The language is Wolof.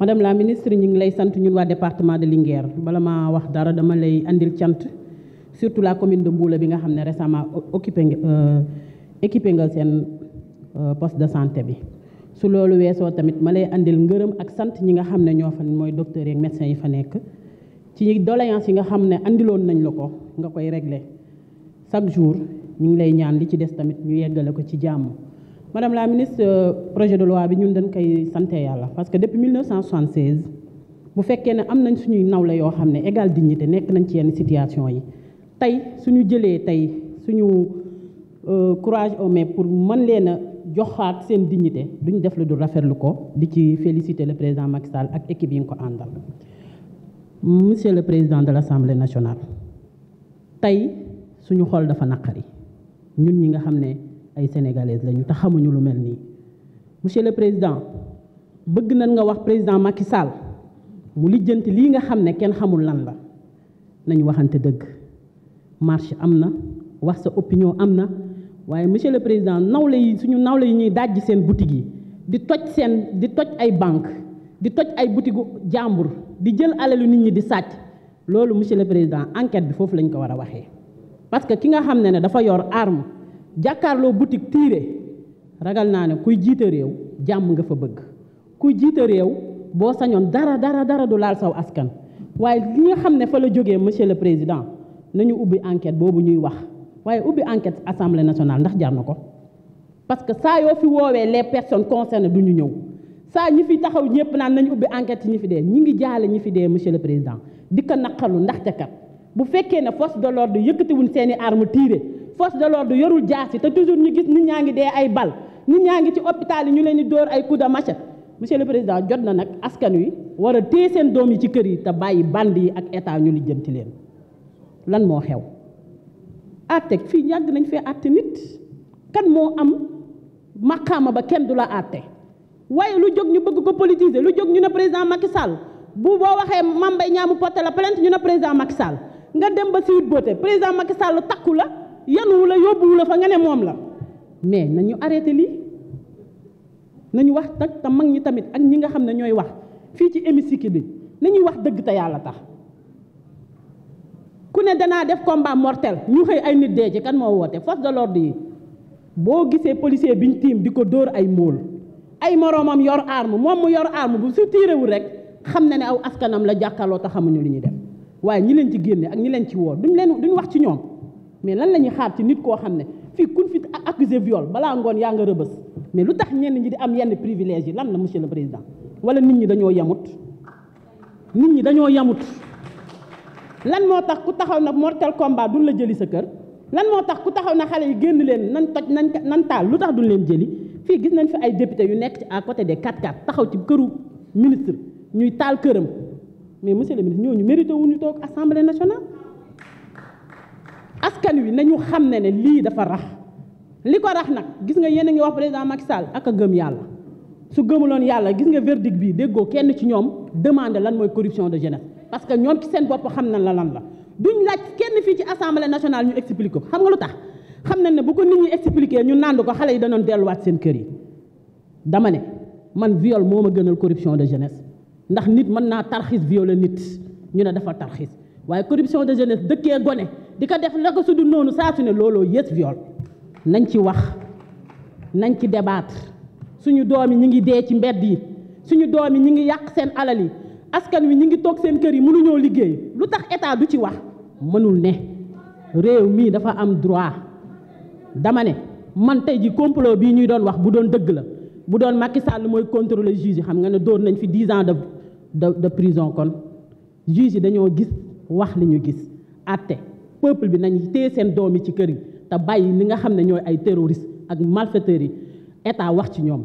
madame la ministre ñu ngi lay sant ñun waa département de Linguère bala maa wax dara dama lay indil cant surtout la commune de Mboula bi nga xam ne récemment occupé nga euh, équipé nga seen euh, poste de santé bi. su loolu weesoo tamit ma lay indil ngërëm ak sant ñi nga xam ne ñoo fa mooy docteurs yeeg médecins yi fa nekk ci doléance yi nga xam ne indiloon nañ la ko nga koy régle chaque jour. ñu ngi lay ñaan li ci des tamit ñu yeggale ko ci jàmm. madame la ministre euh, projet de loi bi ñun dañ koy sante yàlla parce que depuis 1976 bu fekkee ne am nañ suñuy nawle yoo xam ne égale dignité nekk nañ ci yenn situation yi tey suñu jëlee tey suñu euh, courage aux mains pour man leen a joxaat seen dignité duñ def lu du rafetlu ko di ci féliciter le président Macky ak équipe yi nga ko àndal. monsieur le président de l'Assemblée nationale tey suñu xol dafa naqari. ñun ñi nga xam ne ay sénégalaises lañu te xamuñu lu mel nii monsieur le président bëgg nañ nga wax président Macky Sall mu lijjanti lii nga xam ne kenn xamul lan la nañu waxante dëgg marche am na wax sa opinion am na waaye monsieur le président nawle yi suñu nawle yi ñuy dajji seen boutique yi di toj seen di toj ay banque di toj ay boutique jàmbur di jël alalu nit ñi di sàcc loolu monsieur le président enquête bi foofu lañ ko war a waxee parce que ki nga xam ne ne dafa yor arme jàkkaarloo boutique tiire ragal naa ne kuy jiite réew jàmm nga fa bëgg kuy jiite réew boo sañoon dara dara dara du laal saw askan waaye li nga xam ne fa la jógee monsieur le président nañu ubbi enquête boobu ñuy wax waaye ubbi enquête assemblée nationale ndax jar na ko parce que saa yoo fi woowee les personnes concernées du ñu ñëw saa ñi fi taxaw ñëpp naan nañu ubbi enquête yi ñi fi dee ñi ngi jaale ñi fi dee monsieur le président di ko naqalu ndaxte bu fekkee ne force de l'ordre yëkkatiwuñ seen i arme tiire force de l'ordre yorul jaasi te toujours ñu gis nit ñaa ngi dee ay bal nit ñaa ngi ci hôpital yi ñu leen di dóor ay coup de machette monsieur le président jot na nag askan wi wara a téye seen doom yi ci kër yi te bàyyi band yi ak état ñu lijjanti leen lan moo xew àtte fii yàgg nañ fee àtte nit kan moo am màqaama ba kenn du la àtte waaye lu jóg ñu bëgg ko politiser lu jóg ñu ne président Macky Sall bu boo waxee Mame Mbaye Niang mu porté ñu ne président Macky Sall nga dem ba Sweet Beauté président Macky sàll takku la wu la yóbbuwu la fa nga ne moom la mais nañu arrêté lii na ñu wax nag te mag ñi tamit ak ñi nga xam ne ñooy wax fii ci hémicycle bi ñuy wax dëgg te yàlla tax ku ne danaa def combat mortel ñu xëy ay nit dee ci kan moo woote force de l'ordre yi boo gisee policier bi ñu tiim di ko dóor ay móol ay moroomam yor arme moom mu yor arm bu su tiirewul rek xam ne ne aw askanam la jàkkaarloo te xamuñu li ñuy dem waaye ñi leen ci génne ak ñi leen ci woo duñ leen duñ wax ci ñoom mais lan la ñuy xaar ci nit koo xam ne fii kun fi accusé viol balaa ngoon yaa nga rëbës mais lu tax ñenn ñi di am yenn privilège yi lan la monsieur le président wala nit ñi dañoo yamut nit ñi dañoo yamut lan moo tax ku taxaw na mortel combat duñ la jëli sa kër lan moo tax ku taxaw na xale yi génn leen nan toj nan nan taal lu tax duñ leen jëli fii gis nañ fi ay député yu nekk ci à côté des 4 taxaw ci këru ministre ñuy taal këram mais monsieur le ministre ñooñu mérité wuñu toog assemblée nationale askan wi nañu xam ne ne lii dafa rax li ko rax nag gis nga yéen a ngi wax président Macky saal ak gëm yàlla su gëmuloon yàlla gis nga verdict bii déggoo kenn ci ñoom demande lan mooy corruption de jeunesse parce que ñoom ci seen bopp xam nañ la lan la duñ laaj kenn fii ci assemblée nationale ñu expliqué ko xam nga lu tax xam nañ ne bu ko nit ñi expliqué ñu nànd ko xale yi danoon delluwaat seen kër yi dama man viol moo ma gënal corruption de jeunesse ndax nit mën naa tarxis violé nit ñu ne dafa tarxis waaye corruption de jeunesse dëkkee gone di ko def naka su du noonu saa su ne looloo yées viol nañ ci wax nañ ci debaat suñu doom yi ñu ngi dee ci mbedd yi suñu doom yi ñu ngi yàq seen alal yi askan wi ñu ngi toog seen kër yi mënuñoo liggéey lu tax état du ci wax mënul ne réew mii dafa am droit dama ne man tey ji complot bii ñuy doon wax bu doon dëgg la bu doon Macky Sall mooy contrôler juge yi xam nga ne dóor nañ fi 10 ans de de de prison kon juge yi dañoo gis wax li ñu gis àtte peuple bi nañ téye seen doom yi ci kër yi te bàyyi li nga xam ne ñooy ay terroristes ak malfaiteurs yi état wax ci ñoom.